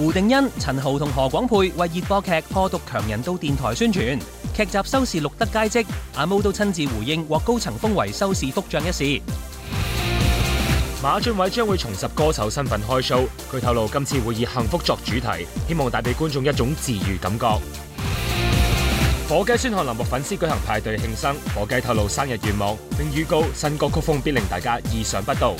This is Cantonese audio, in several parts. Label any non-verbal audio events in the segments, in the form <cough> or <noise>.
胡定欣、陳豪同何廣沛為熱播劇破毒強人到電台宣傳，劇集收視錄得佳績，阿毛都親自回應獲高層封為收視福將一事。馬俊偉將會重拾歌手身份開 show，佢透露今次會以幸福作主題，希望帶俾觀眾一種治癒感覺。火雞宣漢林獲粉絲舉行派對慶生，火雞透露生日願望並預告新歌曲風必令大家意想不到。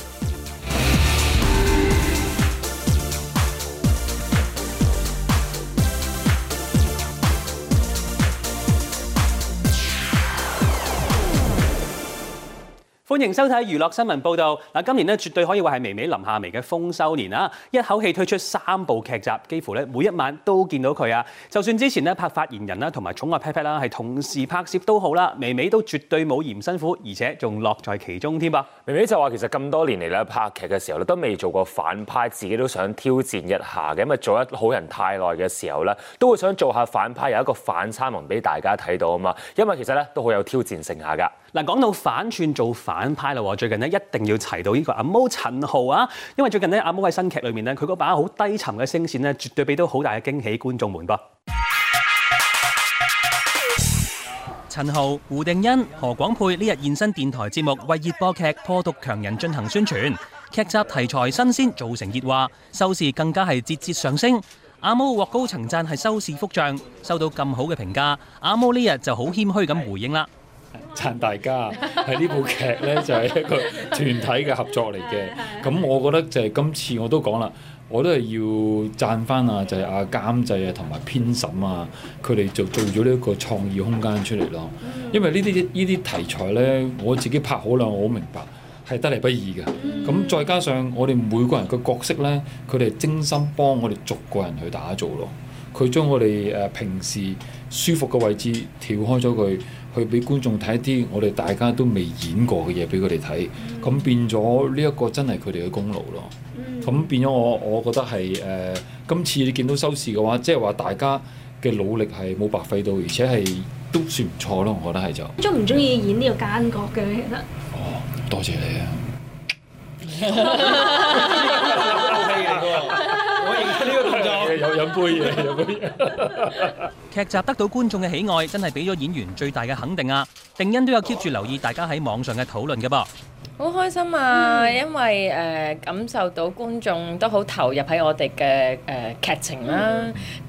歡迎收睇娛樂新聞報道。嗱，今年咧絕對可以話係薇薇林夏薇嘅豐收年啊！一口氣推出三部劇集，幾乎咧每一晚都見到佢啊。就算之前咧拍發言人啦，同埋寵物 pat 啦，係同時拍攝都好啦，薇薇都絕對冇嫌辛苦，而且仲樂在其中添噃。薇薇就話其實咁多年嚟咧拍劇嘅時候咧都未做過反派，自己都想挑戰一下嘅。咁啊，做一好人太耐嘅時候咧，都會想做下反派，有一個反差萌俾大家睇到啊嘛。因為其實咧都好有挑戰性下噶。嗱，講到反串做反派，最近呢一定要提到呢個阿毛陳豪啊，因為最近呢，阿毛喺新劇裏面呢，佢嗰把好低沉嘅聲線呢，絕對俾到好大嘅驚喜觀眾，觀眾們噃。陳豪、胡定欣、何廣沛呢日現身電台節目，為熱播劇《破毒強人》進行宣傳。劇集題材新鮮，造成熱話，收視更加係節節上升。阿毛獲高層讚，係收視幅漲，收到咁好嘅評價，阿毛呢日就好謙虛咁回應啦。讚大家！係 <laughs> 呢部劇呢就係，是，一個團體嘅合作嚟嘅。咁 <laughs> 我覺得就係今次我都講啦，我都係要讚返啊！就係啊監製啊同埋編審啊，佢哋就做咗呢一個創意空間出嚟咯。因為呢啲呢啲題材呢，我自己拍好啦，我好明白係得嚟不易嘅。咁 <laughs> 再加上我哋每個人嘅角色呢，佢哋精心幫我哋逐個人去打造咯。佢將我哋誒平時舒服嘅位置調開咗佢。去俾觀眾睇一啲我哋大家都未演過嘅嘢俾佢哋睇，咁、嗯、變咗呢一個真係佢哋嘅功勞咯。咁、嗯、變咗我，我覺得係誒、呃、今次你見到收視嘅話，即係話大家嘅努力係冇白費到，而且係都算唔錯咯。我覺得係就鍾唔鍾意演呢個奸角嘅？其實 <laughs> 哦，多謝你啊！呢個動作又飲杯嘢，飲杯嘢。劇集得到觀眾嘅喜愛，真係俾咗演員最大嘅肯定啊！定欣都有 keep 住留意大家喺網上嘅討論㗎噃。好開心啊！因為誒、呃、感受到觀眾都好投入喺我哋嘅誒劇情啦、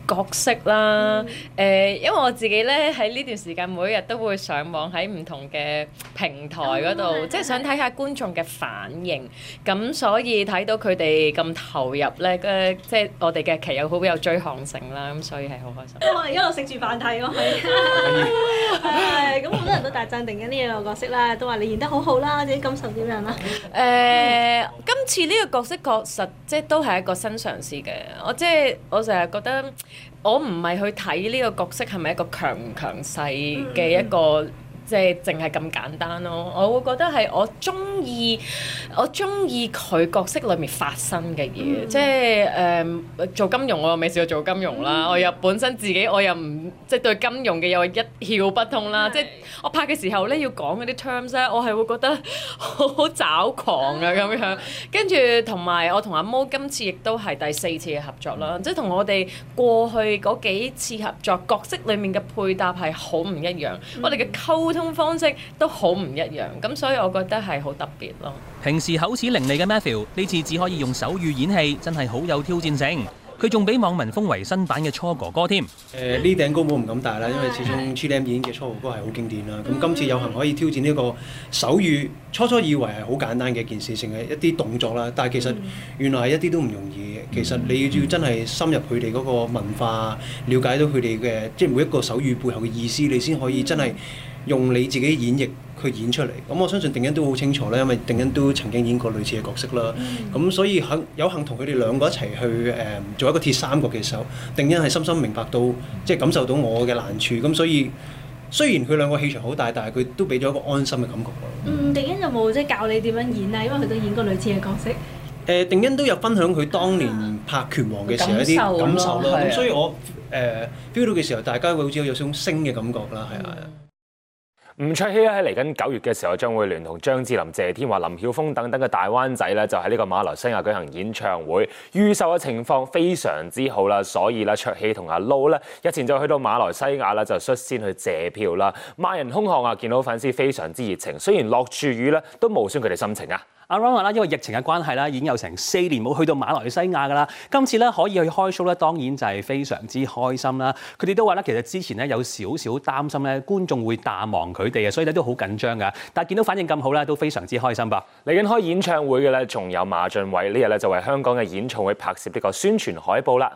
角色啦，誒因為我自己咧喺呢段時間每日都會上網喺唔同嘅平台嗰度，即係、嗯嗯、想睇下觀眾嘅反應。咁所以睇到佢哋咁投入咧，即、就、係、是、我哋嘅劇又好有追看性啦，咁所以係好開心。我哋一路食住飯睇我係，咁好多人都大讚定緊呢兩個角色啦，都話、네、你演得好好啦，啲感情。點樣啦？誒，uh, mm. 今次呢個角色確實即係都係一個新嘗試嘅。我即係我成日覺得，我唔係去睇呢個角色係咪一個強唔強勢嘅一個。Mm. 即係淨係咁簡單咯，我會覺得係我中意，我中意佢角色裏面發生嘅嘢，即係誒做金融，我又未試過做金融啦，我又本身自己我又唔即係對金融嘅又一竅不通啦，即係我拍嘅時候咧，要講嗰啲 terms 咧，我係會覺得好好找狂啊咁樣，跟住同埋我同阿毛今次亦都係第四次嘅合作啦，即係同我哋過去嗰幾次合作角色裏面嘅配搭係好唔一樣，我哋嘅溝通。方式都好唔一樣，咁所以我覺得係好特別咯。平時口齒伶俐嘅 Matthew 呢次只可以用手語演戲，真係好有挑戰性。佢仲俾網民封為新版嘅初哥哥添。誒，呢頂高帽唔敢戴啦，因為始終 TDM 演嘅初哥哥係好經典啦。咁今次有幸可以挑戰呢個手語，初初以為係好簡單嘅一件事情嘅一啲動作啦，但係其實原來係一啲都唔容易嘅。其實你要真係深入佢哋嗰個文化，瞭解到佢哋嘅即係每一個手語背後嘅意思，你先可以真係。用你自己演繹去演出嚟，咁我相信定欣都好清楚啦，因為定欣都曾經演過類似嘅角色啦。咁、嗯、所以很有幸同佢哋兩個一齊去誒、呃、做一個鐵三角嘅時候，定欣係深深明白到即係、就是、感受到我嘅難處，咁所以雖然佢兩個氣場好大，但係佢都俾咗一個安心嘅感覺。嗯、定欣有冇即係教你點樣演啊？因為佢都演過類似嘅角色。誒、呃，定欣都有分享佢當年拍拳王嘅時候一啲、啊、感受咯。咁所以我誒 feel、呃、到嘅時候，大家會好似有種升嘅感覺啦。係啊、嗯。嗯。吳卓羲咧喺嚟緊九月嘅時候，將會聯同張智霖、謝天華、林曉峰等等嘅大灣仔咧，就喺呢個馬來西亞舉行演唱會。預售嘅情況非常之好啦，所以咧卓羲同阿 Loo 咧日前就去到馬來西亞啦，就率先去借票啦。萬人空巷啊，見到粉絲非常之熱情，雖然落住雨咧，都冇損佢哋心情啊。阿 Ron 啊，ana, 因為疫情嘅關係啦，已經有成四年冇去到馬來西亞噶啦。今次咧可以去開 show 咧，當然就係非常之開心啦。佢哋都話咧，其實之前咧有少少擔心咧，觀眾會淡忘佢哋啊，所以咧都好緊張噶。但見到反應咁好啦，都非常之開心噃。嚟緊開演唱會嘅咧，仲有馬浚偉呢日咧就為香港嘅演唱會拍攝呢個宣傳海報啦。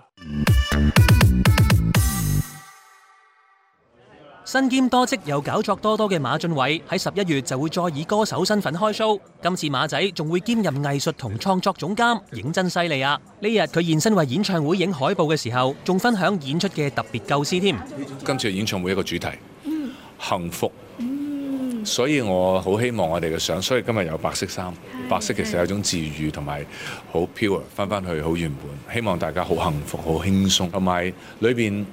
身兼多職又搞作多多嘅馬俊偉喺十一月就會再以歌手身份開 show，今次馬仔仲會兼任藝術同創作總監，認真犀利啊！呢日佢現身為演唱會影海報嘅時候，仲分享演出嘅特別構思添。今次嘅演唱會一個主題，嗯，幸福。嗯，所以我好希望我哋嘅相，所以今日有白色衫，白色其實係一種治癒同埋好 pure，翻翻去好原本，希望大家好幸福、好輕鬆，同埋裏邊。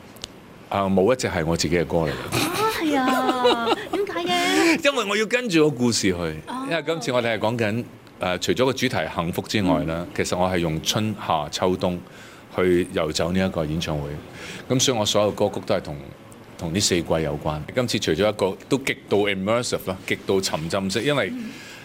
啊！冇一隻係我自己嘅歌嚟嘅。啊，係啊，點解嘅？ <laughs> 因為我要跟住個故事去。啊、因為今次我哋係講緊誒，除咗個主題幸福之外啦，嗯、其實我係用春夏秋冬去遊走呢一個演唱會。咁、嗯、所以我所有歌曲都係同同呢四季有關。今次除咗一個都極度 immersive 啦，極度沉浸式，因為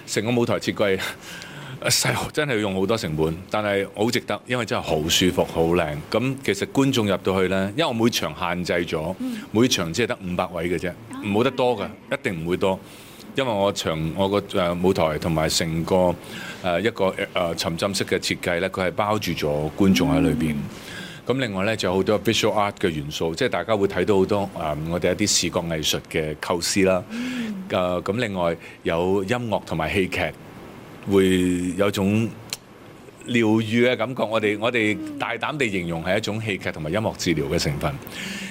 成個舞台設計。嗯 <laughs> 細、啊、真係要用好多成本，但係好值得，因為真係好舒服、好靚。咁、嗯、其實觀眾入到去呢，因為我每場限制咗，嗯、每場只係得五百位嘅啫，唔好得多㗎，一定唔會多。因為我場我個舞台同埋成個、呃、一個誒、呃呃、沉浸式嘅設計呢，佢係包住咗觀眾喺裏邊。咁、嗯嗯、另外呢，就有好多 visual art 嘅元素，即係大家會睇到好多誒、嗯、我哋一啲視覺藝術嘅構思啦。咁、嗯嗯嗯嗯、另外有音樂同埋戲劇。會有種療愈嘅感覺，我哋我哋大膽地形容係一種戲劇同埋音樂治療嘅成分，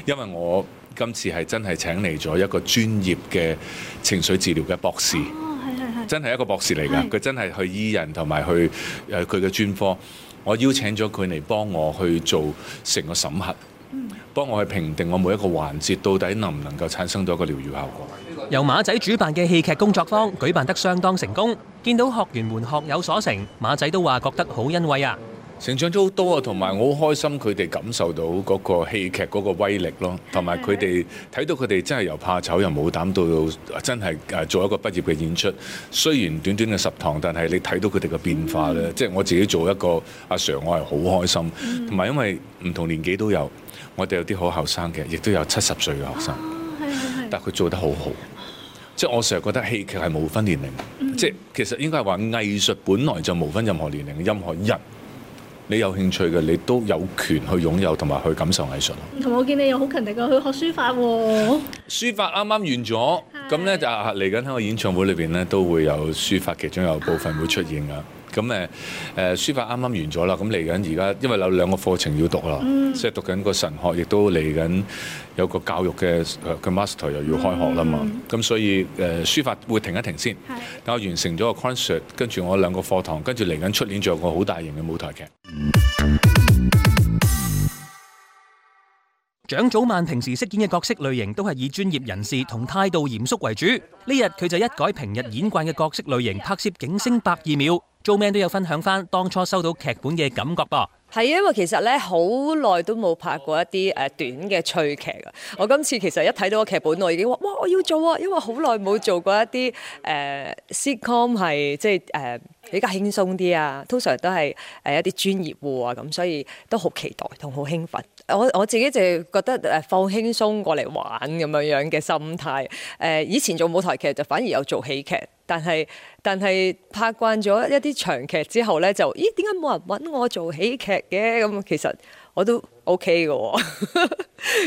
因為我今次係真係請嚟咗一個專業嘅情緒治療嘅博士，哦係係係，真係一個博士嚟㗎，佢是真係去醫人同埋去誒佢嘅專科，我邀請咗佢嚟幫我去做成個審核，嗯，幫我去評定我每一個環節到底能唔能夠產生到一個療愈效果。由馬仔主辦嘅戲劇工作坊舉辦得相當成功，見到學員們學有所成，馬仔都話覺得好欣慰啊！成長咗好多啊，同埋我好開心，佢哋感受到嗰個戲劇嗰個威力咯，同埋佢哋睇到佢哋真係由怕醜又冇膽到真係誒做一個畢業嘅演出。雖然短短嘅十堂，但係你睇到佢哋嘅變化咧，即係、嗯、我自己做一個阿 Sir，我係好開心。同埋、嗯、因為唔同年紀都有，我哋有啲好後生嘅，亦都有七十歲嘅學生，啊、但係佢做得好好。即係我成日覺得戲劇係冇分年齡，mm hmm. 即係其實應該係話藝術本來就冇分任何年齡，任何人你有興趣嘅，你都有權去擁有同埋去感受藝術。同我見你又好勤力㗎，去學書法喎，哦。書法啱啱完咗，咁咧 Yes. 就嚟緊喺個演唱會裏邊咧都會有書法，其中有部分會出現㗎。咁誒誒書法啱啱完咗啦，咁嚟緊而家，因為有兩個課程要讀啦，即係、嗯、讀緊個神學，亦都嚟緊有個教育嘅嘅 master 又要開學啦嘛。咁、嗯、所以誒書法會停一停先，等我完成咗個 concert 跟住我兩個課堂，跟住嚟緊出年仲有個好大型嘅舞台劇。蔣祖曼平時飾演嘅角色類型都係以專業人士同態度嚴肅為主，呢日佢就一改平日演慣嘅角色類型，拍攝《警聲百二秒》。做咩都有分享翻當初收到劇本嘅感覺噃，係啊，因為其實咧好耐都冇拍過一啲誒短嘅趣劇噶，我今次其實一睇到個劇本我已經話哇我要做啊，因為好耐冇做過一啲誒、呃、sitcom 係即係誒、呃、比較輕鬆啲啊，通常都係誒一啲專業戶啊，咁所以都好期待同好興奮，我我自己就係覺得誒放輕鬆過嚟玩咁樣樣嘅心態，誒、呃、以前做舞台劇就反而有做喜劇。但係但係拍慣咗一啲長劇之後咧，就咦點解冇人揾我做喜劇嘅？咁其實我都 OK 嘅喎，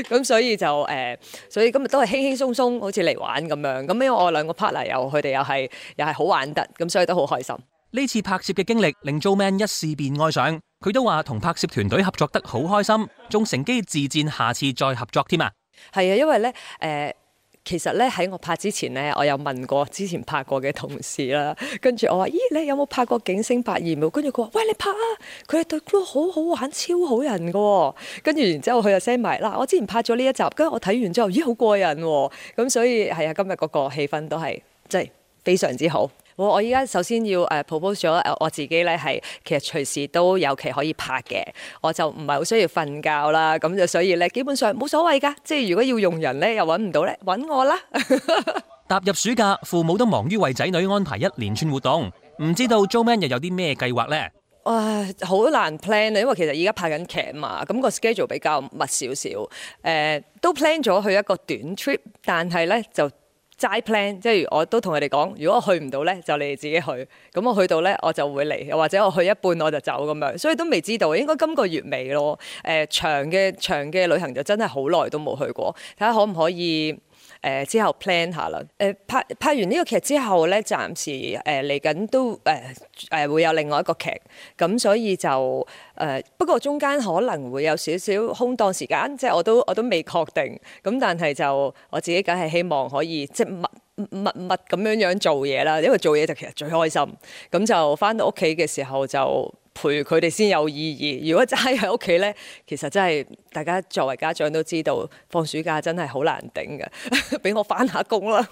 咁 <laughs> 所以就誒、呃，所以今日都係輕輕鬆鬆，好似嚟玩咁樣。咁因為我兩個 partner 又佢哋又係又係好玩得，咁所以都好開心。呢次拍攝嘅經歷令 Joeman 一試便愛上，佢都話同拍攝團隊合作得好開心，仲乘機自薦下次再合作添啊！係啊，因為咧誒。呃。其實咧喺我拍之前咧，我有問過之前拍過嘅同事啦，跟住我話：咦，你有冇拍過警星八二五？跟住佢話：喂，你拍啊！佢哋對 group 好好玩，超好人嘅、哦。跟住然之後佢又 send 埋嗱，我之前拍咗呢一集，跟住我睇完之後，咦，好過癮喎、哦！咁所以係啊，今日嗰個氣氛都係即係非常之好。我而家首先要誒 propose 咗誒我自己咧係其實隨時都有期可以拍嘅，我就唔係好需要瞓覺啦，咁就所以咧基本上冇所謂㗎，即係如果要用人咧又揾唔到咧揾我啦。 <laughs> 踏入暑假，父母都忙於為仔女安排一連串活動，唔知道 Joman 又有啲咩計劃咧？啊，好難 plan 啊，因為其實而家拍緊劇嘛，咁、那個 schedule 比較密少少，誒、呃、都 plan 咗去一個短 trip，但係咧就。齋 plan，即係我都同佢哋講，如果我去唔到呢，就你哋自己去。咁我去到呢，我就會嚟，又或者我去一半我就走咁樣，所以都未知道。應該今個月尾咯。誒、呃，長嘅長嘅旅行就真係好耐都冇去過，睇下可唔可以？誒、呃、之後 plan 下啦，誒、呃、拍拍完呢個劇之後咧，暫時誒嚟緊都誒誒、呃呃、會有另外一個劇，咁所以就誒、呃、不過中間可能會有少少空檔時間，即係我都我都未確定，咁但係就我自己梗係希望可以即係密密密咁樣樣做嘢啦，因為做嘢就其實最開心，咁就返到屋企嘅時候就。陪佢哋先有意義，如果齋喺屋企呢，其實真係大家作為家長都知道，放暑假真係好難頂，嘅， <laughs> 俾我返下工啦。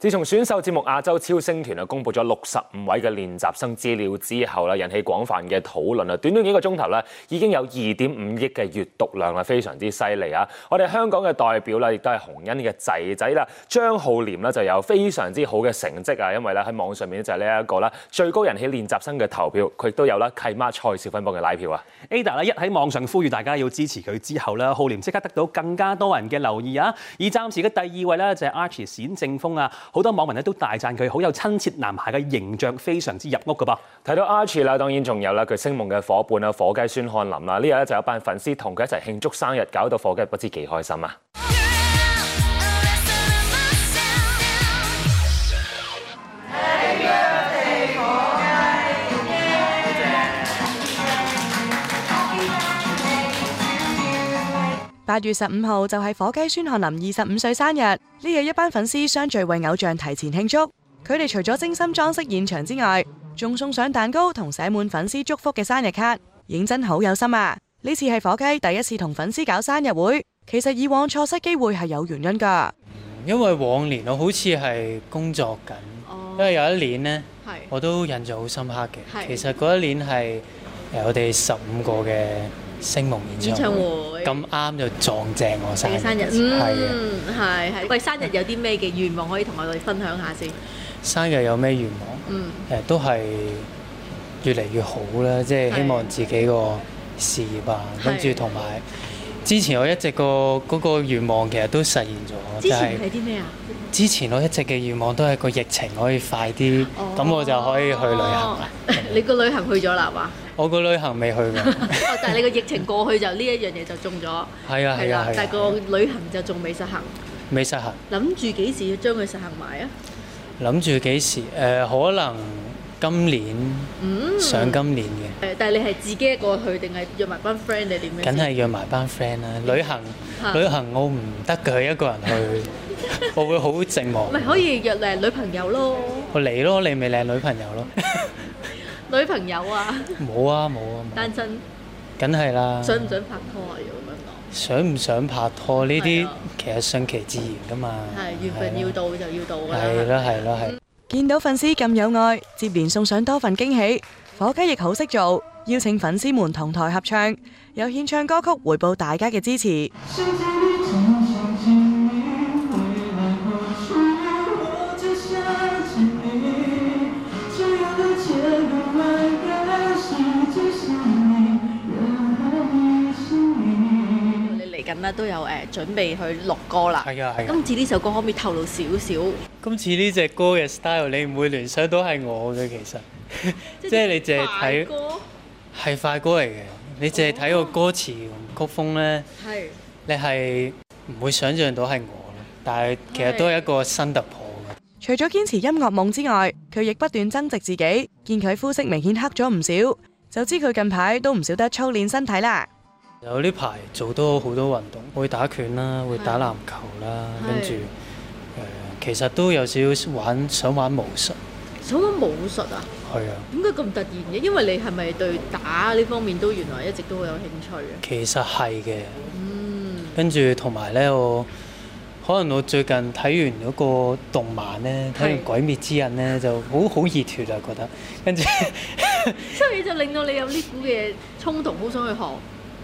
自從選秀節目《亞洲超星團》啊公布咗六十五位嘅練習生資料之後啦，引起廣泛嘅討論啊，短短幾個鐘頭咧，已經有二點五億嘅閱讀量啊，非常之犀利啊！我哋香港嘅代表啦，亦都係洪欣嘅仔仔啦，張浩廉啦，就有非常之好嘅成績啊！因為咧喺網上面就係呢一個啦最高人氣練習生嘅投票，佢亦都有啦契媽蔡少芬幫佢拉票啊！Ada 一喺網上呼籲大家要支持佢之後咧，浩廉即刻得到更加多人嘅留意啊！而暫時嘅第二位咧就係 Archie 冼正峰啊！好多網民咧都大讚佢好有親切男孩嘅形象，非常之入屋㗎噃。睇到 Archie 啦，當然仲有啦，佢聲夢嘅伙伴啊，火雞孫漢林啦，呢日就有一班粉絲同佢一齊慶祝生日，搞到火雞不知幾開心啊！八月十五號就係火雞孫漢林二十五歲生日，呢日一班粉絲相聚為偶像提前慶祝，佢哋除咗精心裝飾現場之外，仲送上蛋糕同寫滿粉絲祝福嘅生日卡，認真好有心啊！呢次係火雞第一次同粉絲搞生日會，其實以往錯失機會係有原因噶，因為往年我好似係工作緊，oh. 因為有一年呢，oh. 我都印象好深刻嘅，oh. 其實嗰一年係我哋十五個嘅。星夢演唱會咁啱就撞正我生日，嗯，係係。喂，生日有啲咩嘅願望可以同我哋分享下先？生日有咩願望？嗯，誒都係越嚟越好啦，即係希望自己個事業啊，跟住同埋之前我一直個嗰個願望其實都實現咗。之前係啲咩啊？之前我一直嘅願望都係個疫情可以快啲，咁我就可以去旅行啦。你個旅行去咗啦？係嘛！我個旅行未去㗎，但係你個疫情過去就呢一樣嘢就中咗，係啊係啊，但係個旅行就仲未實行，未實行。諗住幾時要將佢實行埋啊？諗住幾時？誒，可能今年，嗯，上今年嘅。誒，但係你係自己一個去，定係約埋班 friend 你點樣？梗係約埋班 friend 啦！旅行旅行我唔得㗎，一個人去，我會好寂寞。咪可以約靚女朋友咯？我你咯，你咪靚女朋友咯。女朋友啊！冇啊冇啊！單身，梗係啦！想唔想拍拖啊？要咁樣講？想唔想拍拖呢啲，其實順其自然噶嘛。係，緣分要到就要到㗎。係咯係咯係。見到粉絲咁有愛，接連送上多份驚喜。火雞亦好識做，邀請粉絲們同台合唱，有獻唱歌曲回報大家嘅支持。都有誒、呃、準備去錄歌啦。係啊係。今次呢首歌可唔可以透露少少？今次呢隻歌嘅 style，你唔會聯想到係我嘅其實， <laughs> 即係你淨係睇係快歌嚟嘅。你淨係睇個歌詞曲風咧，係、哦、你係唔會想像到係我，但係其實都係一個新突破嘅。的除咗堅持音樂夢之外，佢亦不斷增值自己。見佢膚色明顯黑咗唔少，就知佢近排都唔少得操練身體啦。有呢排做多好多運動，會打拳啦，會打籃球啦，的跟住、呃、其實都有少少玩想玩武術。想玩武術啊？係啊的。點解咁突然嘅、啊？因為你係咪對打呢方面都原來一直都好有興趣啊？其實係嘅。嗯、跟住同埋呢，我可能我最近睇完嗰個動漫呢，睇完《鬼滅之刃》呢，就好好熱血啊，覺得。跟住，所以就令到你有呢股嘅衝動，好想去學。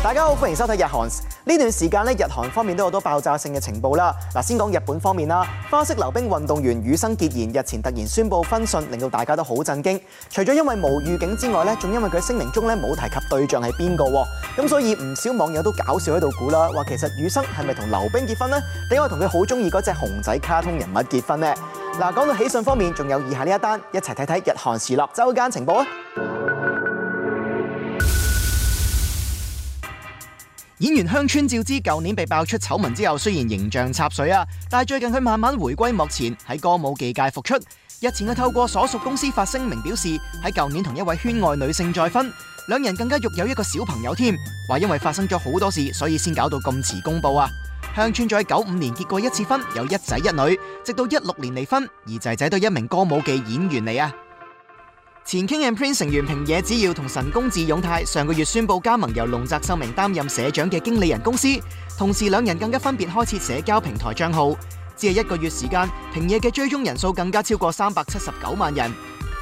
大家好，歡迎收睇日韓。呢段時間咧，日韓方面都有好多爆炸性嘅情報啦。嗱，先講日本方面啦，花式溜冰運動員羽生結弦日前突然宣布婚訊，令到大家都好震驚。除咗因為無預警之外咧，仲因為佢聲明中咧冇提及對象係邊個，咁所以唔少網友都搞笑喺度估啦，話其實羽生係咪同溜冰結婚呢？點解同佢好中意嗰隻熊仔卡通人物結婚呢？嗱，講到喜訊方面，仲有以下呢一單，一齊睇睇日韓時立周刊情報啊！演員香川照之舊年被爆出醜聞之後，雖然形象插水啊，但係最近佢慢慢回歸幕前，喺歌舞伎界復出。日前佢透過所屬公司發聲明表示，喺舊年同一位圈外女性再婚，兩人更加育有一個小朋友，添話因為發生咗好多事，所以先搞到咁遲公佈啊。香川在九五年結過一次婚，有一仔一女，直到一六年離婚，而仔仔都係一名歌舞伎演員嚟啊。前 King and Prince 成員平野紫耀同神宮寺勇太上個月宣布加盟由龍澤秀明擔任社長嘅經理人公司，同時兩人更加分別開設社交平台賬號。只係一個月時間，平野嘅追蹤人數更加超過三百七十九萬人。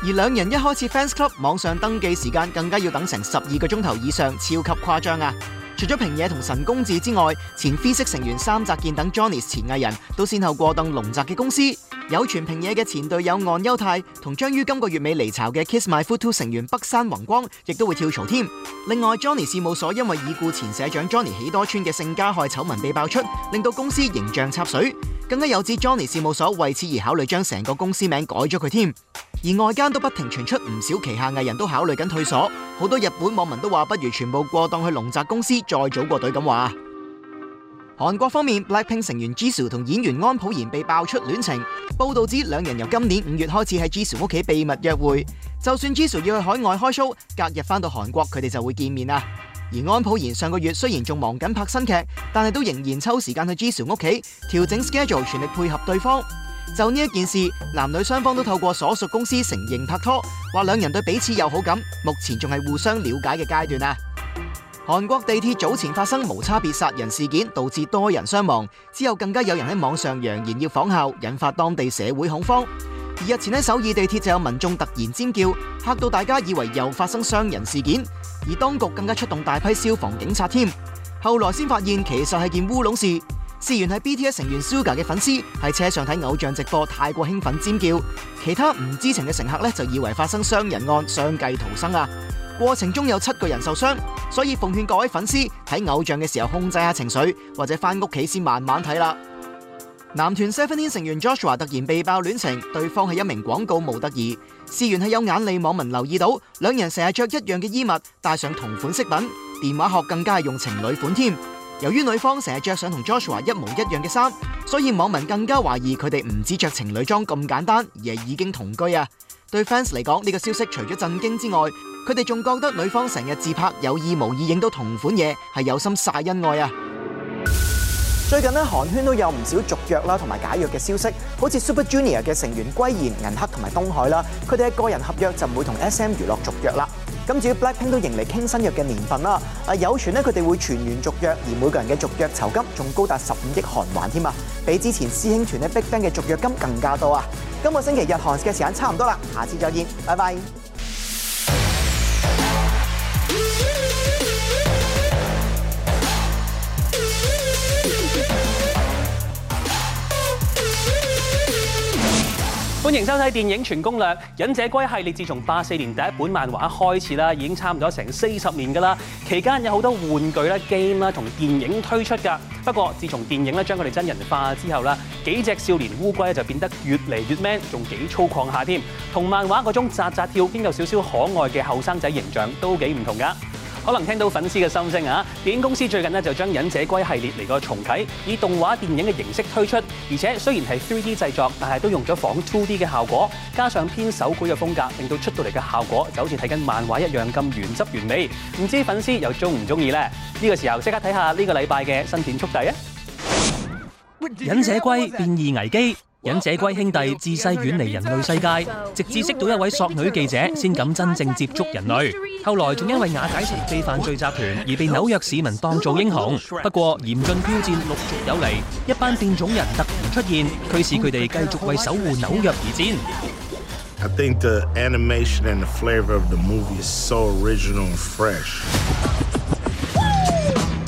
而兩人一開始 fans club 網上登記時間更加要等成十二個鐘頭以上，超級誇張啊！除咗平野同神宮寺之外，前 F4 成員三澤健等 Johnny 前藝人，都先後過登龍澤嘅公司。有傳平野嘅前隊友岸優太同將於今個月尾離巢嘅 Kiss My Foot Two 成員北山宏光，亦都會跳槽添。另外，Johnny 事務所因為已故前社長 Johnny 喜多川嘅性加害醜聞被爆出，令到公司形象插水，更加有指 Johnny 事務所為此而考慮將成個公司名改咗佢添。而外間都不停傳出唔少旗下藝人都考慮緊退所，好多日本網民都話不如全部過檔去龍澤公司再組個隊咁話。韓國方面，BLACKPINK 成員 Jisoo 同演員安普賢被爆出戀情。報道指兩人由今年五月開始喺 Jisoo 屋企秘密約會，就算 Jisoo 要去海外開 show，隔日翻到韓國佢哋就會見面啦。而安普賢上個月雖然仲忙緊拍新劇，但係都仍然抽時間去 Jisoo 屋企調整 schedule，全力配合對方。就呢一件事，男女雙方都透過所屬公司承認拍拖，話兩人對彼此有好感，目前仲係互相了解嘅階段啊。韓國地鐵早前發生無差別殺人事件，導致多人傷亡，之後更加有人喺網上揚言要仿效，引發當地社會恐慌。而日前喺首爾地鐵就有民眾突然尖叫，嚇到大家以為又發生傷人事件，而當局更加出動大批消防警察添。後來先發現其實係件烏龍事，事源係 BTS 成員 Suga 嘅粉絲喺車上睇偶像直播太過興奮尖叫，其他唔知情嘅乘客呢，就以為發生傷人案，相繼逃生啊！過程中有七巨人受傷，所以奉勸各位粉絲睇偶像嘅時候控制下情緒，或者翻屋企先慢慢睇啦。男團 Seven 天成員 Joshua 突然被爆戀情，對方係一名廣告模特兒。事源係有眼利網民留意到，兩人成日着一樣嘅衣物，帶上同款式品，電話殼更加係用情侶款添。由於女方成日着上同 Joshua 一模一樣嘅衫，所以網民更加懷疑佢哋唔止着情侶裝咁簡單，而係已經同居啊。對 fans 嚟講，呢、這個消息除咗震驚之外，佢哋仲覺得女方成日自拍有意無意影到同款嘢，係有心曬恩愛啊！最近咧韓圈都有唔少續約啦同埋解約嘅消息，好似 Super Junior 嘅成員圭賢、銀赫同埋東海啦，佢哋嘅個人合約就唔會同 SM 娛樂續約啦。咁至於 BLACKPINK 都迎嚟傾新約嘅年份啦，啊有傳咧佢哋會全員續約，而每個人嘅續約酬金仲高達十五億韓圜添啊，比之前師兄團咧 BIGBANG 嘅續約金更加多啊！今個星期日韓嘅時間差唔多啦，下次再見，拜拜。歡迎收睇電影全攻略，《忍者龜》系列自從八四年第一本漫畫開始啦，已經差唔多成四十年㗎啦。期間有好多玩具啦、game 啦，同電影推出㗎。不過，自從電影咧將佢哋真人化之後啦，幾隻少年烏龜就變得越嚟越 man，仲幾粗獷下添。同漫畫嗰種紮紮跳兼有少少可愛嘅後生仔形象都幾唔同㗎。可能聽到粉絲嘅心聲啊！電影公司最近呢就將《忍者龜》系列嚟過重啟，以動畫電影嘅形式推出，而且雖然係 3D 製作，但係都用咗仿 2D 嘅效果，加上偏手繪嘅風格，令到出到嚟嘅效果就好似睇緊漫畫一樣咁原汁原味。唔知粉絲又中唔中意呢？呢個時候即刻睇下呢個禮拜嘅新片速遞啊！《忍者龜變異危機》忍者龜兄弟自細遠離人類世界，直至識到一位索女記者，先敢真正接觸人類。後來仲因為瓦解神秘犯罪集團而被紐約市民當做英雄。不過嚴峻挑戰陸續有嚟，一班變種人突然出現，驅使佢哋繼續為守護紐約而戰。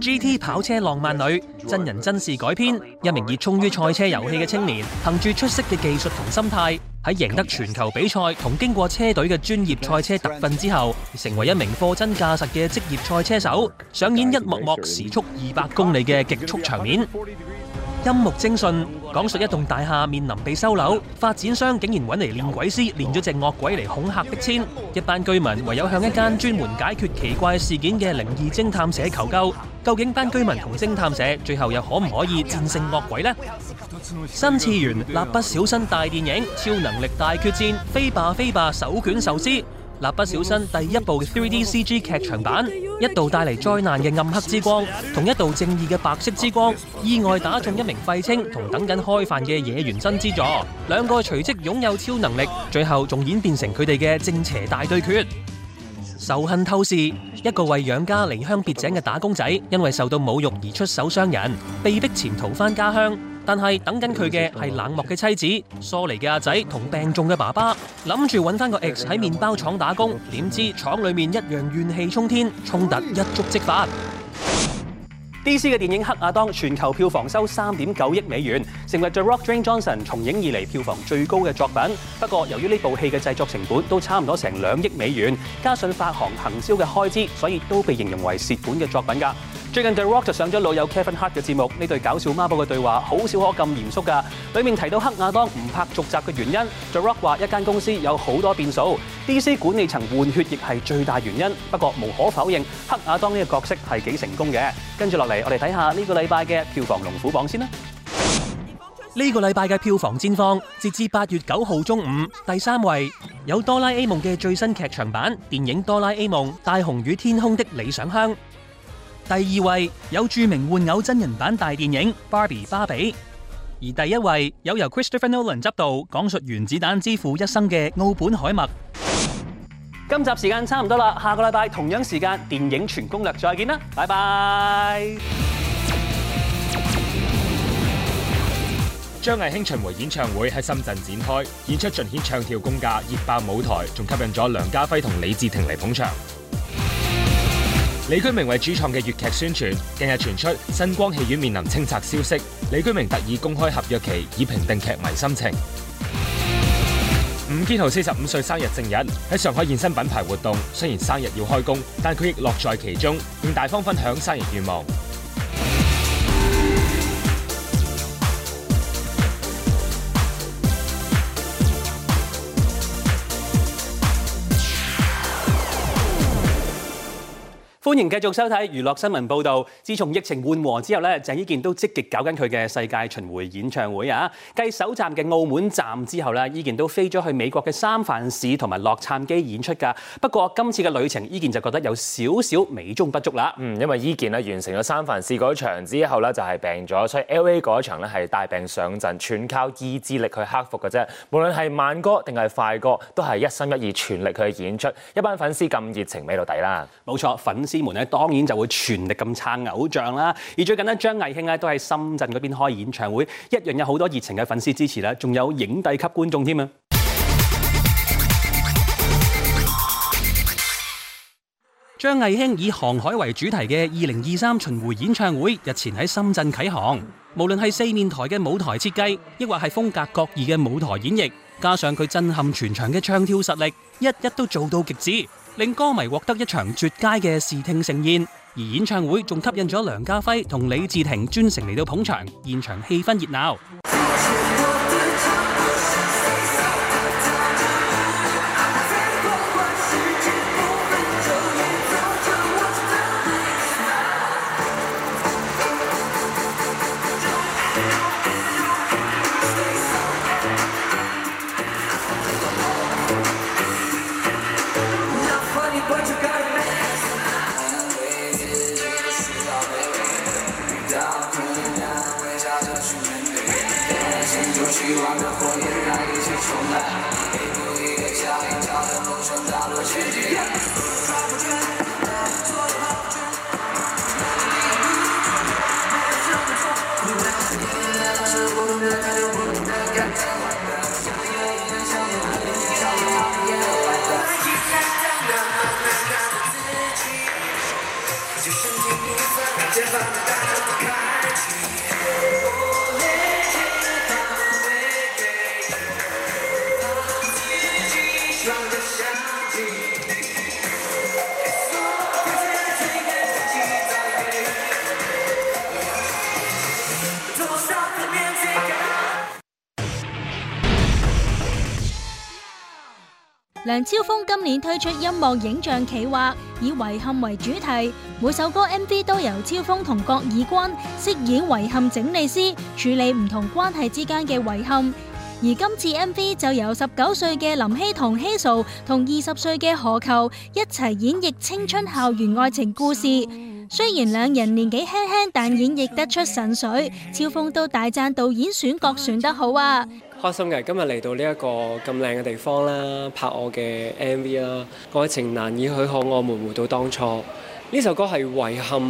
GT 跑車浪漫旅，真人真事改編，一名熱衷於賽車遊戲嘅青年，憑住出色嘅技術同心態，喺贏得全球比賽同經過車隊嘅專業賽車特訓之後，成為一名貨真價實嘅職業賽車手，上演一幕幕時速二百公里嘅極速場面。陰目偵信，講述一棟大廈，面臨被收樓，發展商竟然搵嚟練鬼師，練咗隻惡鬼嚟恐嚇逼遷。一班居民唯有向一間專門解決奇怪事件嘅靈異偵探社求救，究竟班居民同偵探社最後又可唔可以戰勝惡鬼呢？新次元蠟筆小新大電影，超能力大決戰，飛吧飛吧手捲壽司。蠟筆小新第一部嘅 3D CG 劇場版，一度帶嚟災難嘅暗黑之光，同一度正義嘅白色之光，意外打中一名廢青，同等緊開飯嘅野原新之助，兩個隨即擁有超能力，最後仲演變成佢哋嘅正邪大對決。仇恨透視，一個為養家離鄉別井嘅打工仔，因為受到侮辱而出手傷人，被逼潛逃返家鄉。但係等緊佢嘅係冷漠嘅妻子、疏離嘅阿仔同病重嘅爸爸，諗住揾翻個 x 喺麵包廠打工，點知廠裏面一樣怨氣沖天，衝突一觸即發。DC 嘅電影《黑亞當》全球票房收三點九億美元，成為 The Rock Dwayne Johnson 從影以嚟票房最高嘅作品。不過由於呢部戲嘅製作成本都差唔多成兩億美元，加上發行行銷嘅開支，所以都被形容為蝕本嘅作品噶。最近 The Rock 就上咗老友 Kevin Hart 嘅節目，呢對搞笑孖寶嘅對話好少可咁嚴肅㗎。裡面提到黑亞當唔拍續集嘅原因，The Rock 話一間公司有好多變數，DC 管理層換血亦係最大原因。不過無可否認，黑亞當呢個角色係幾成功嘅。跟住落嚟，我哋睇下呢個禮拜嘅票房龍虎榜先啦。呢個禮拜嘅票房戰況，截至八月九號中午，第三位有《哆啦 A 夢》嘅最新劇場版電影《哆啦 A 夢：大雄與天空的理想鄉》。第二位有著名玩偶真人版大電影《芭比》，芭比；而第一位有由 Christopher Nolan 執導、講述原子彈之父一生嘅《奧本海默》。今集時間差唔多啦，下個禮拜同樣時間《電影全攻略》再見啦，拜拜！張藝 <noise> 興巡回演唱會喺深圳展開，演出盡顯唱跳功架，熱爆舞台，仲吸引咗梁家輝同李治廷嚟捧場。李居明為主創嘅粵劇宣傳，近日傳出新光戲院面臨清拆消息，李居明特意公開合約期，以平定劇迷心情。吳建豪四十五歲生日正日喺上海現身品牌活動，雖然生日要開工，但佢亦樂在其中，並大方分享生日願望。歡迎繼續收睇娛樂新聞報道。自從疫情緩和之後咧，鄭伊健都積極搞緊佢嘅世界巡迴演唱會啊！繼首站嘅澳門站之後咧，伊健都飛咗去美國嘅三藩市同埋洛杉磯演出㗎。不過今次嘅旅程，伊健就覺得有少少美中不足啦。嗯，因為伊健咧完成咗三藩市嗰場之後咧，就係病咗，所以 L A 嗰場咧係帶病上陣，全靠意志力去克服嘅啫。無論係慢歌定係快歌，都係一心一意，全力去演出。一班粉絲咁熱情，尾到底啦。冇錯，粉絲。之門當然就會全力咁撐偶像啦。而最近咧，張藝興咧、啊、都喺深圳嗰邊開演唱會，一樣有好多熱情嘅粉絲支持啦，仲有影帝級觀眾添啊！張藝興以航海為主題嘅二零二三巡迴演唱會日前喺深圳啓航，無論係四面台嘅舞台設計，亦或係風格各異嘅舞台演繹，加上佢震撼全場嘅唱跳實力，一一都做到極致。令歌迷獲得一場絕佳嘅視聽盛宴，而演唱會仲吸引咗梁家輝同李治廷專程嚟到捧場，現場氣氛熱鬧。梁超峰今年推出音樂影像企劃，以遺憾為主題，每首歌 M V 都由超峰同郭爾君飾演遺憾整理師，處理唔同關係之間嘅遺憾。而今次 M V 就由十九歲嘅林希同希素同二十歲嘅何球一齊演繹青春校園愛情故事。雖然兩人年紀輕輕，但演繹得出神水，超峰都大讚導演選角選得好啊！開心嘅，今日嚟到呢一個咁靚嘅地方啦，拍我嘅 MV 啦。愛情難以許可，我們回到當初。呢首歌係遺憾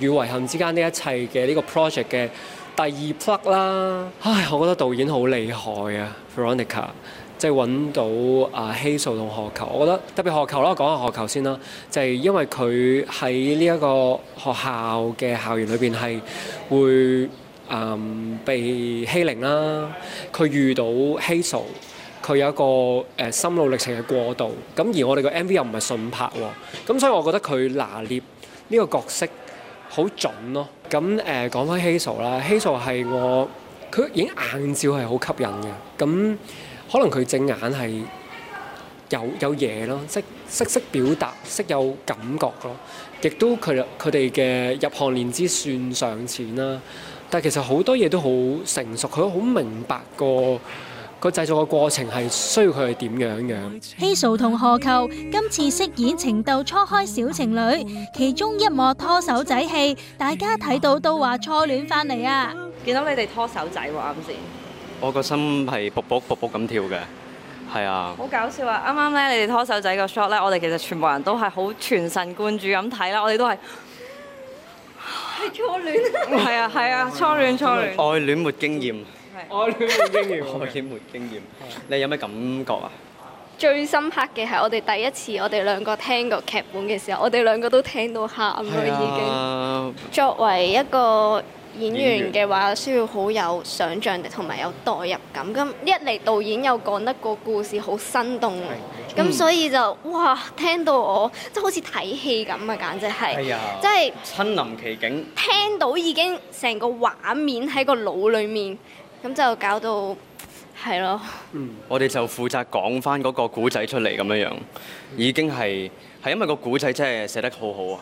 與遺憾之間呢一切嘅呢、呢個 project 嘅第二 plug 啦。唉，我覺得導演好厲害啊，Veronica。即係揾到啊希素同何球。我覺得特別何球啦。講下何球先啦，就係、是、因為佢喺呢一個學校嘅校園裏邊係會。Um, 被欺凌啦。佢遇到 Hazel 佢有一個誒、呃、心路歷程嘅過渡。咁而我哋個 M V 又唔係順拍喎，咁、啊、所以我覺得佢拿捏呢個角色好準咯。咁、啊、誒、啊、講翻 Hazel 啦、啊，Hazel 係我佢已經影硬照係好吸引嘅。咁、啊、可能佢隻眼係有有嘢咯，識識識表達，識有感覺咯。亦、啊、都佢佢哋嘅入行年資算上錢啦。啊。但其實好多嘢都好成熟，佢都好明白個個製作嘅過程係需要佢係點樣樣。希素同何求今次飾演情竇初開小情侶，其中一幕拖手仔戲，大家睇到都話初戀翻嚟啊！見到你哋拖手仔喎，啱先。我個心係卜卜卜卜咁跳嘅，係啊。好搞笑啊！啱啱咧，你哋拖手仔個 shot 咧，我哋其實全部人都係好全神貫注咁睇啦，我哋都係。係初戀、 <laughs> 嗯，係啊係啊，初戀初戀。愛戀沒經驗，愛是戀沒經驗，愛戀沒經驗。你有咩感覺啊？最深刻嘅係我哋第一次，我哋兩個聽過劇本嘅時候，我哋兩個都聽到喊啦已經。作為一個演員嘅話需要好有想像力同埋有代入感，咁一嚟導演又講得個故事好生動，咁對所以就、嗯、哇聽到我即係好似睇戲咁啊，簡直係，即係親臨其境。聽到已經成個畫面喺個腦裏面，咁就搞到係咯。嗯、我哋就負責講翻嗰個古仔出嚟咁樣樣，已經係係因為個古仔真係寫得好好啊。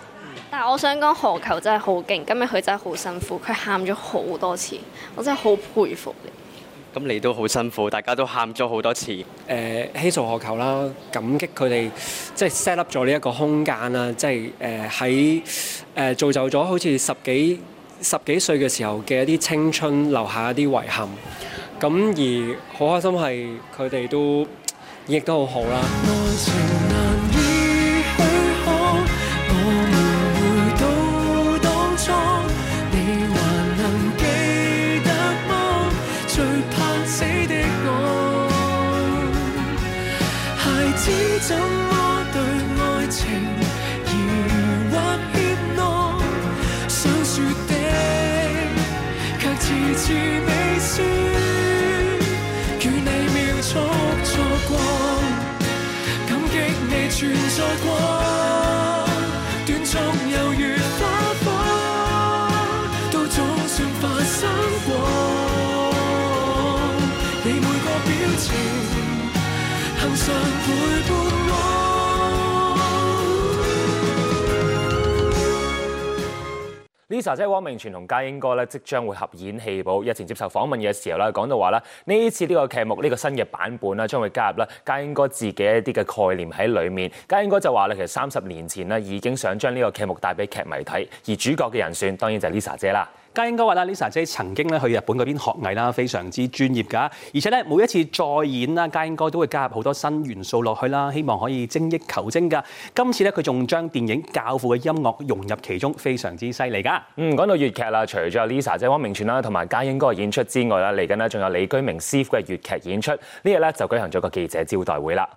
但係我想講何求真係好勁，今日佢真係好辛苦，佢喊咗好多次，我真係好佩服你。咁你都好辛苦，大家都喊咗好多次。誒、呃，希數何求啦，感激佢哋即係 set up 咗呢一個空間啦，即係誒喺誒造就咗好似十幾十幾歲嘅時候嘅一啲青春留下一啲遺憾。咁而好開心係佢哋都亦都好好啦。 <music> 怎麼對愛情疑惑怯懦？想説的卻遲遲未説。與你描述錯過，感激你存在過。短促又如花火，都總算發生過。你每個表情，恆常回顧。Lisa 姐、汪明荃同嘉英哥咧，即將會合演戲寶。日前接受訪問嘅時候咧，講到話咧，呢次呢個劇目呢個新嘅版本咧，將會加入咧嘉英哥自己一啲嘅概念喺裏面。嘉英哥就話咧，其實三十年前咧已經想將呢個劇目帶俾劇迷睇，而主角嘅人選當然就係 Lisa 姐啦。家英哥話啦，Lisa 姐曾經咧去日本嗰邊學藝啦，非常之專業噶，而且咧每一次再演啦，家英哥都會加入好多新元素落去啦，希望可以精益求精噶。今次咧，佢仲將電影教父嘅音樂融入其中，非常之犀利噶。嗯，講到粵劇啦，除咗 Lisa 姐、汪明荃啦，同埋家英哥嘅演出之外啦，嚟緊呢仲有李居明師傅嘅粵劇演出，呢日咧就舉行咗個記者招待會啦。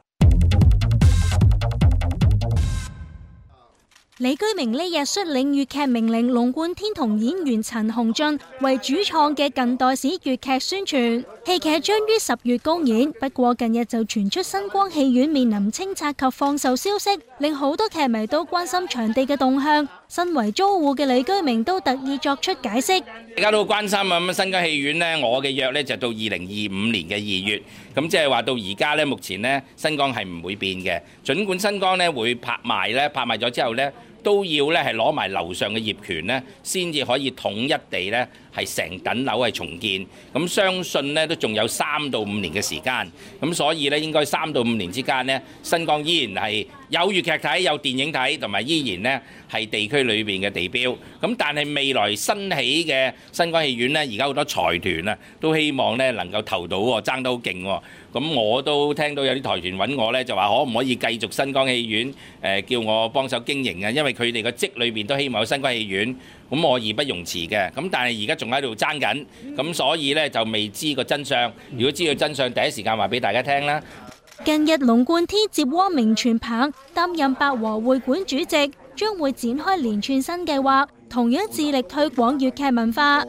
李居明呢日率領粵劇名伶龍貫天同演員陳洪俊為主創嘅近代史粵劇宣傳，戲劇將於十月公演。不過近日就傳出新光戲院面臨清拆及放售消息，令好多劇迷都關心場地嘅動向。身為租戶嘅李居明都特意作出解釋，大家都好關心啊，咁新光戲院咧，我嘅約咧就到二零二五年嘅二月，咁即係話到而家咧，目前咧新光係唔會變嘅，盡管新光咧會拍賣咧，拍賣咗之後咧。都要咧係攞埋樓上嘅業權咧，先至可以統一地咧係成棟樓係重建。咁相信咧都仲有三到五年嘅時間。咁所以咧應該三到五年之間咧，新光依然係有粵劇睇、有電影睇，同埋依然咧係地區裏邊嘅地標。咁但係未來新起嘅新光戲院咧，而家好多財團啊，都希望咧能夠投到喎、哦，爭得好勁喎、哦。咁我都聽到有啲台團揾我呢，就話可唔可以繼續新光戲院？誒、呃，叫我幫手經營啊，因為佢哋個職裏面都希望有新光戲院。咁我義不容辭嘅。咁但係而家仲喺度爭緊，咁所以呢，就未知個真相。如果知道真相，第一時間話俾大家聽啦。近日龍貫天接汪明荃棒，擔任八和會館主席，將會展開連串新計劃，同樣致力推廣粵劇文化。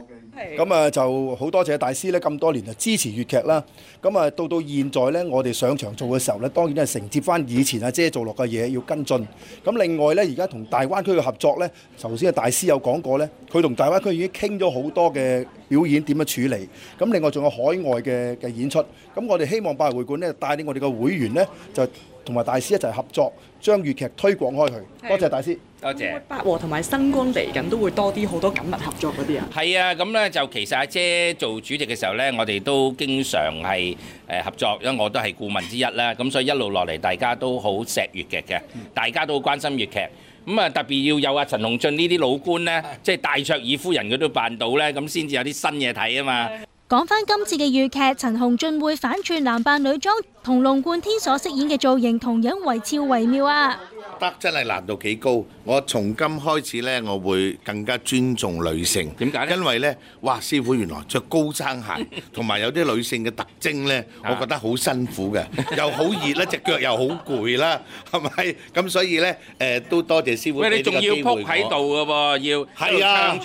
咁啊、嗯，就好多謝大師咧，咁多年啊，支持粵劇啦。咁、嗯、啊，到到現在呢，我哋上場做嘅時候呢，當然係承接翻以前阿、啊、姐做落嘅嘢，要跟進。咁、嗯、另外呢，而家同大灣區嘅合作呢，頭先啊大師有講過呢，佢同大灣區已經傾咗好多嘅表演點樣處理。咁、嗯、另外仲有海外嘅嘅演出。咁、嗯、我哋希望八和會館呢，帶領我哋嘅會員呢，就同埋大師一齊合作，將粵劇推廣開去。多謝大師。多謝。八和同埋新光嚟緊都會多啲好多緊密合作嗰啲啊。係啊，咁咧就其實阿姐做主席嘅時候咧，我哋都經常係誒合作，因為我都係顧問之一啦。咁所以一路落嚟，大家都好錫粵劇嘅，大家都好關心粵劇。咁啊，特別要有阿陳龍俊呢啲老官咧，即係戴卓爾夫人佢都辦到咧，咁先至有啲新嘢睇啊嘛。講翻今次嘅粵劇，陳紅俊會反串男扮女裝，同龍貫天所飾演嘅造型同樣惟肖惟妙啊！得真係難度幾高，我從今開始咧，我會更加尊重女性。點解咧？因為咧，哇！師傅原來著高踭鞋，同埋有啲女性嘅特徵咧，我覺得好辛苦嘅，又好熱啦，隻腳又好攰啦，係咪？咁所以咧，誒都多謝師傅俾嘅機會。喂，你仲要撲喺度嘅喎，要係啊！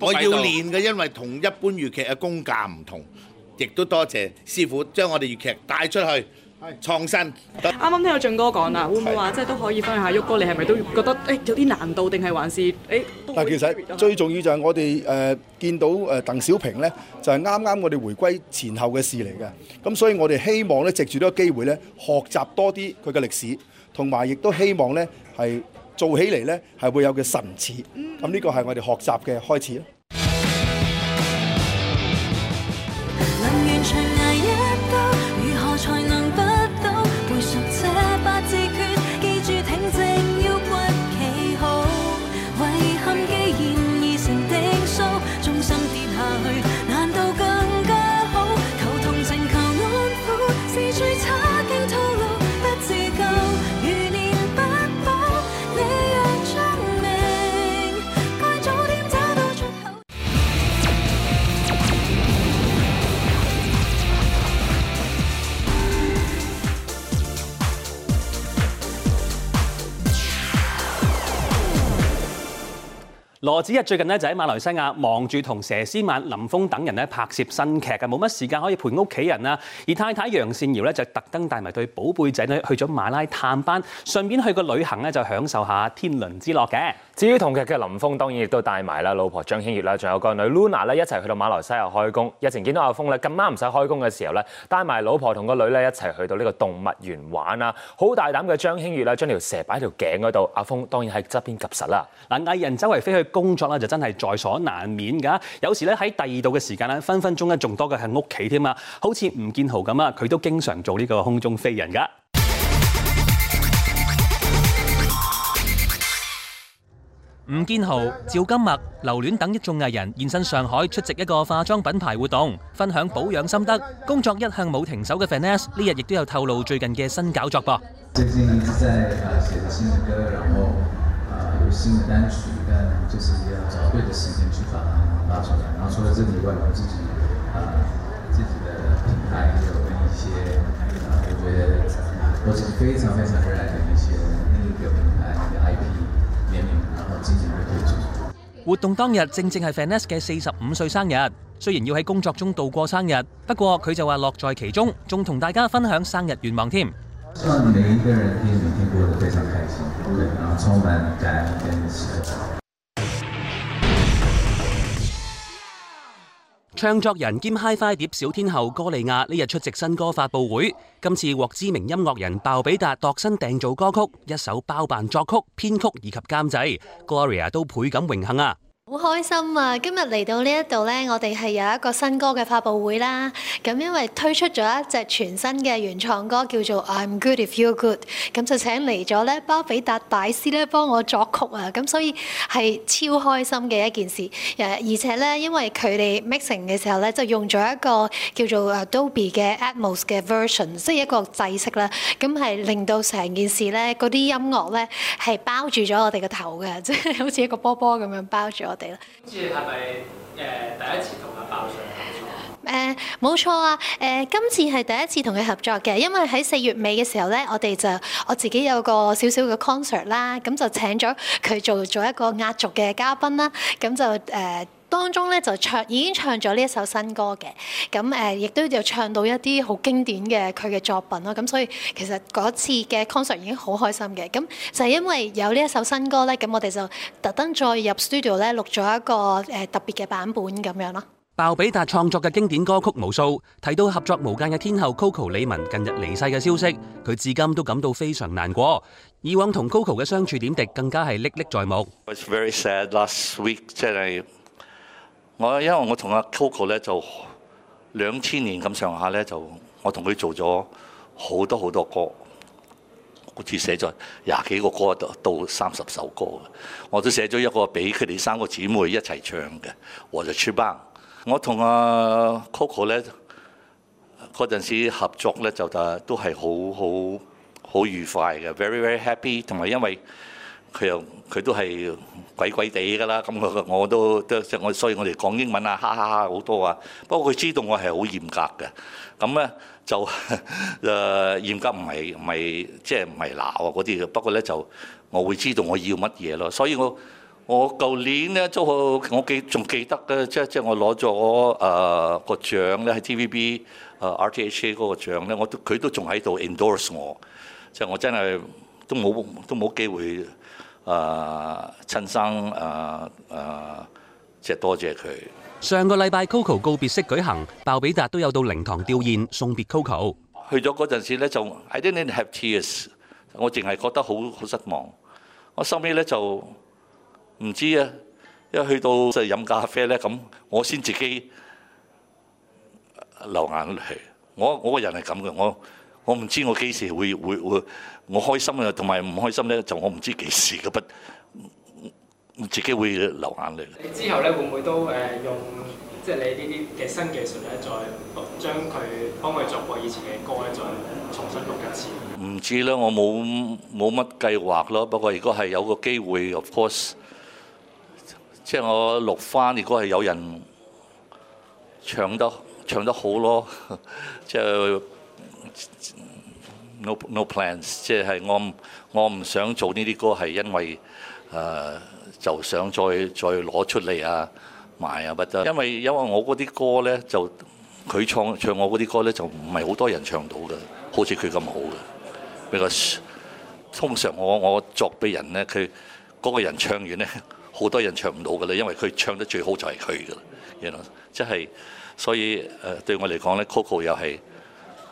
我要練嘅，因為同一般粵劇嘅功架唔同，亦都多謝師傅將我哋粵劇帶出去創新。啱啱聽阿俊哥講啦，嗯、會唔會話即係都可以分享下？旭哥的，你係咪都要覺得誒、欸、有啲難度，定係還是誒？欸、其實最重要就係我哋誒、呃、見到誒鄧小平呢，就係啱啱我哋回歸前後嘅事嚟嘅。咁所以我哋希望呢，藉住呢個機會呢，學習多啲佢嘅歷史，同埋亦都希望呢，係做起嚟呢，係會有嘅神似。咁呢個係我哋學習嘅開始。羅子溢最近咧就喺馬來西亞忙住同佘詩曼、林峯等人咧拍攝新劇嘅，冇乜時間可以陪屋企人啦。而太太楊茜堯咧就特登帶埋對寶貝仔女去咗馬拉探班，順便去個旅行咧就享受下天倫之樂嘅。至於同劇嘅林峰，當然亦都帶埋啦老婆張馨月啦，仲有個女 Luna 咧一齊去到馬來西亞開工。日前見到阿峰，咧咁啱唔使開工嘅時候咧，帶埋老婆同個女咧一齊去到呢個動物園玩啊！好大膽嘅張馨月咧將條蛇擺喺條頸嗰度，阿峰當然喺側邊夾實啦。嗱，藝人周圍飛去工作咧就真係在所難免㗎。有時咧喺第二度嘅時間咧分分鐘咧仲多嘅係屋企添啊！好似吳建豪咁啊，佢都經常做呢個空中飛人㗎。吳建豪、趙今麥、劉戀等一眾藝人現身上海出席一個化妝品牌活動，分享保養心得。工作一向冇停手嘅 Van Ness 呢日亦都有透露最近嘅新搞作噃。最近一直在啊，寫新嘅歌，然後啊、呃、有新嘅單曲，但係就是要找對嘅時間去把它拿出來。然後除了這裏外，我自己啊、呃、自己的品牌，還有跟一些啊、嗯、我覺得我是非常非常熱愛嘅一些。活動當日正正係范爺嘅四十五歲生日，雖然要喺工作中度過生日，不過佢就話樂在其中，仲同大家分享生日願望添。唱作人兼 HiFi 碟小天后 Gloria 呢日出席新歌發佈會，今次獲知名音樂人鮑比達度身訂造歌曲，一手包辦作曲、編曲以及監製，Gloria 都倍感榮幸啊！好開心啊！今日嚟到呢一度咧，我哋係有一個新歌嘅發布會啦。咁因為推出咗一隻全新嘅原創歌，叫做《I'm Good If You Good》，咁就請嚟咗咧包比達大師咧幫我作曲啊。咁所以係超開心嘅一件事。而且咧，因為佢哋 mixing 嘅時候咧，就用咗一個叫做 Dolby 嘅 Atmos 嘅 version，即係一個制式啦。咁係令到成件事咧，啲音樂咧係包住咗我哋個頭嘅，即係好似一個波波咁樣包住我。嗯，啊嗯、今次係咪誒，第一次同佢爆水？誒冇錯啊！誒今次係第一次同佢合作嘅，因為喺四月尾嘅時候咧，我哋就我自己有個少少嘅 concert 啦，咁就請咗佢做做一個壓軸嘅嘉賓啦，咁就誒。呃當中咧就唱已經唱咗呢一首新歌嘅，咁誒亦都有唱到一啲好經典嘅佢嘅作品咯。咁所以其實嗰次嘅 concert 已經好開心嘅。咁就係因為有呢一首新歌咧，咁我哋就特登再入 studio 咧錄咗一個誒特別嘅版本咁樣咯。鮑比達創作嘅經典歌曲無數，睇到合作無間嘅天后 Coco 李玟近日離世嘅消息，佢至今都感到非常難過。以往同 Coco 嘅相處點滴更加係歷歷在目。我因為我同阿 Coco 咧就兩千年咁上下咧就我同佢做咗好多好多歌，好似寫咗廿幾個歌到三十首歌，我都寫咗一個俾佢哋三個姊妹一齊唱嘅《我就出班》。我同阿 Coco 咧嗰陣時合作咧就都係好好好愉快嘅，very very happy，同埋因為。佢又佢都係鬼鬼地㗎啦，咁我我都都即係我，所以我哋講英文啊，哈哈哈好多啊。不過佢知道我係好嚴格嘅，咁咧就誒嚴格唔係唔係即係唔係鬧啊嗰啲嘅。不過咧就我會知道我要乜嘢咯。所以我我舊年咧都我記仲記得嘅，即係即係我攞咗誒個獎咧喺 TVB 誒、呃、RTHK 嗰個獎咧，我都佢都仲喺度 endorse 我，即係我真係都冇都冇機會。啊，親生啊啊，即係多謝佢。上個禮拜 Coco 告別式舉行，鮑比達都有到靈堂吊唁送別 Coco。去咗嗰陣時咧，就 I didn't have tears，我淨係覺得好好失望。我收尾咧就唔知啊，一去到就飲咖啡咧咁，我先自己流眼淚。我我個人係咁嘅，我。我唔知我幾時會會會，我開心啊，同埋唔開心咧，就我唔知幾時嘅，不，自己會流眼淚。你之後咧會唔會都誒，用，即係你呢啲嘅新技術咧，再將佢幫佢作過以前嘅歌咧，再重新錄一次？唔知咧，我冇冇乜計劃咯。不過如果係有個機會，of course，即係我錄翻，如果係有人唱得唱得好咯，即係。No no plans，即係我我唔想做呢啲歌，係因為誒、呃、就想再再攞出嚟啊賣啊不得，因為、uh, 因為我嗰啲歌呢，就佢唱唱我嗰啲歌呢，就唔係好多人唱到嘅，好似佢咁好嘅。Because 通常我我作俾人呢，佢嗰、嗰個人唱完呢，好 <laughs> 多人唱唔到噶啦，因為佢唱得最好就係佢噶啦，即 you 係 know?、就是、所以誒、呃、對我嚟講呢 Coco 又係。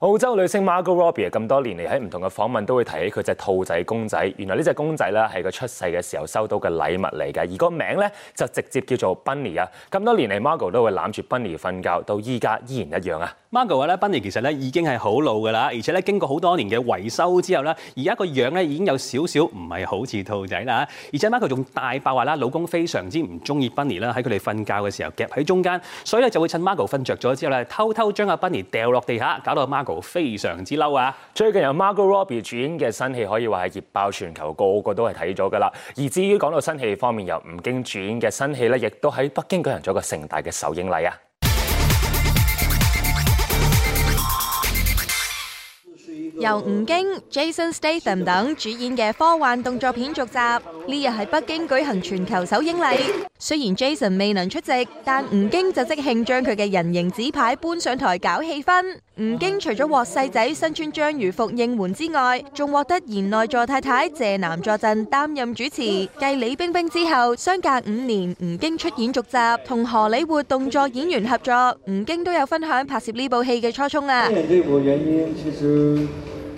澳洲女星 Margot Robbie 咁多年嚟喺唔同嘅訪問都會提起佢隻兔仔公仔，原來呢隻公仔咧係佢出世嘅時候收到嘅禮物嚟嘅，而個名咧就直接叫做 Bunny 啊！咁多年嚟 Margot 都會攬住 Bunny 瞓覺到依家依然一樣啊！Margot 話咧 Bunny 其實咧已經係好老噶啦，而且咧經過好多年嘅維修之後咧，而家個樣咧已經有少少唔係好似兔仔啦，而且 Margot 仲大爆話啦，老公非常之唔中意 Bunny 啦，喺佢哋瞓覺嘅時候夾喺中間，所以咧就會趁 Margot 瞓着咗之後咧，偷偷將阿 Bunny 掉落地下，搞到阿非常之嬲啊！最近由 Margot Robbie 主演嘅新戲可以話係熱爆全球，個個都係睇咗噶啦。而至於講到新戲方面，由吳京主演嘅新戲咧，亦都喺北京舉行咗個盛大嘅首映禮啊！由吳京、Jason Statham 等主演嘅科幻動作片續集，呢日喺北京舉行全球首映禮。雖然 Jason 未能出席，但吳京就即興將佢嘅人形紙牌搬上台搞氣氛。吳京除咗獲細仔身穿章魚服應援之外，仲獲得賢內助太太、謝楠助陣擔任主持。繼李冰冰之後，相隔五年，吳京出演續集，同荷里活動作演員合作。吳京都有分享拍攝呢部戲嘅初衷啊！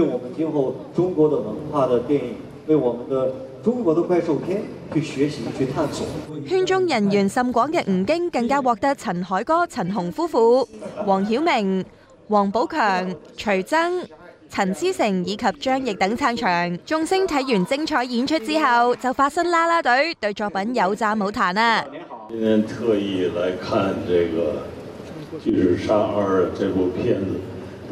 為我們今後中國的文化的電影，為我們的中國的怪獸片去學習、去探索。圈中人員甚廣嘅吳京更加獲得陳凱歌、陳紅夫婦、黃曉明、王寶強、徐崢、陳思誠以及張譯等撐場。眾星睇完精彩演出之後，就化身啦啦隊，對作品有讚冇彈啊。你好，今天特意來看這個《巨齒鯊二》這部片子。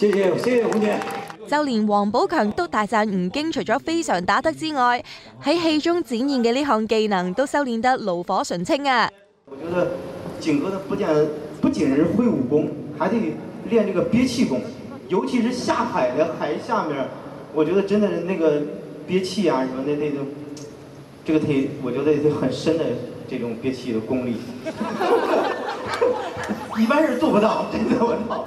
謝謝，謝謝洪姐。古仔。就連王寶強都大讚吳京，除咗非常打得之外，喺戲中展現嘅呢項技能都修煉得爐火純青啊！我覺得景哥他不僅不僅是會武功，還得練這個憋氣功，尤其是下海嘅，海下面，我覺得真的是那個憋氣啊，什麼那那種這個忒，我覺得是很深的這種憋氣的功力， <laughs> 一般人做不到，真的我操！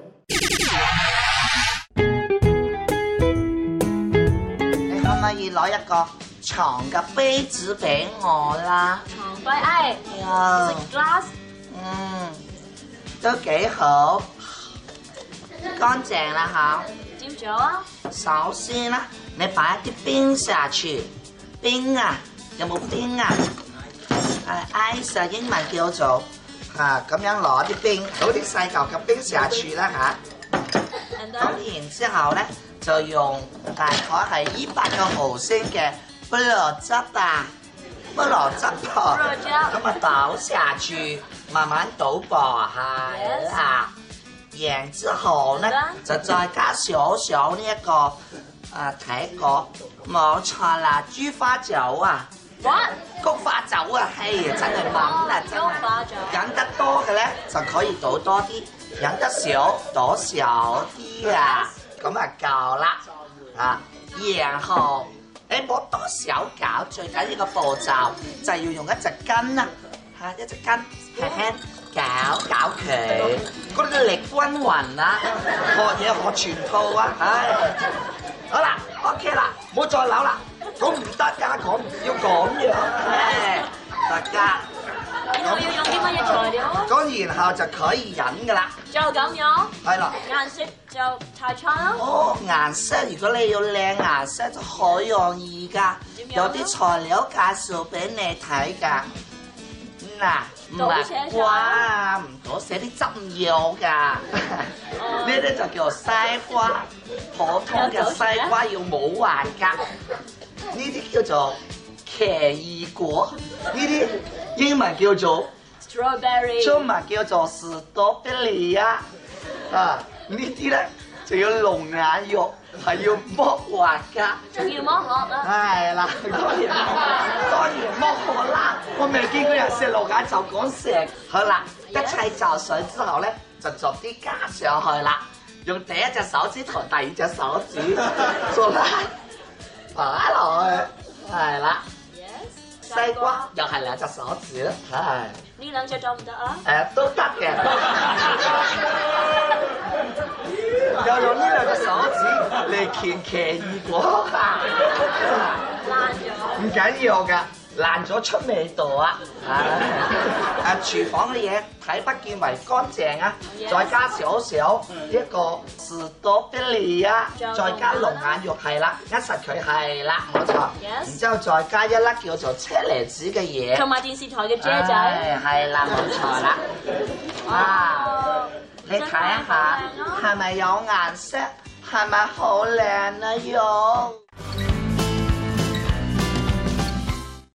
可以攞一個長嘅杯子俾我啦。長杯哎，有。Yeah. it glass。嗯，都幾好。乾淨啦吓，朝早啊？了首先啦，你擺啲冰下去。冰啊？有冇冰啊？係、啊、ice 英文叫做吓，咁、啊、樣攞啲冰，攞啲細嚿嘅冰下去啦吓，講、啊、And then? 完之後咧。就用大概係一百個毫升嘅菠蘿汁啊，菠蘿汁個，咁啊倒下住，慢慢倒播係啦，然之後咧就再加少少呢一個啊睇過，冇錯啦，豬花酒啊，哇？菊花酒啊，嘿，真係揾啊，酒，飲得多嘅咧就可以倒多啲，飲得少倒少啲啊。咁啊夠啦，啊，然後我多手攪，最緊要個步驟就係要用一隻筋啦，嚇一隻筋輕輕攪攪佢，個力均勻啦，學嘢學全套啊，唉，好啦，OK 啦，唔好再扭啦，我唔得㗎咁，要咁樣，大家。我要用啲乜嘢材料？咁然後就可以飲噶啦。就咁樣。係啦。顏色就差唔多。哦，顏色如果你要靚顏色就可以噶。有啲材料介紹俾你睇噶。嗱，唔好寫瓜啊，唔好寫啲針樣噶。呢啲就叫做西瓜，普通嘅西瓜要冇壞噶。呢啲叫做奇異果，呢啲。英文叫做，Strawberry，中文叫做士多啤梨 <laughs> 啊！啊，呢啲咧就要龍眼肉係要剝核㗎，仲要剝殼啦。係啦，當然當然剝殼啦。 <laughs> 我未見過人食龍眼就講食。好啦，一切就水之後咧，就逐啲加上去啦。用第一隻手指頭，第二隻手指做啦，妥啦，係啦。西瓜又係兩隻手指，係呢兩隻都唔得啊！誒 <laughs> 着，都得嘅，又用呢兩隻手指嚟鉗奇異果，爛咗，唔緊要㗎。爛咗出味道啊！啊，廚房嘅嘢睇不見為乾淨啊！再加少少一個士多啤梨啊！再加龍眼肉係啦，握實佢係啦，冇錯。然之後再加一粒叫做車厘子嘅嘢。同埋電視台嘅姐仔。係啦，冇錯啦。啊，你睇一下，係咪有顏色？係咪好靚啊？又～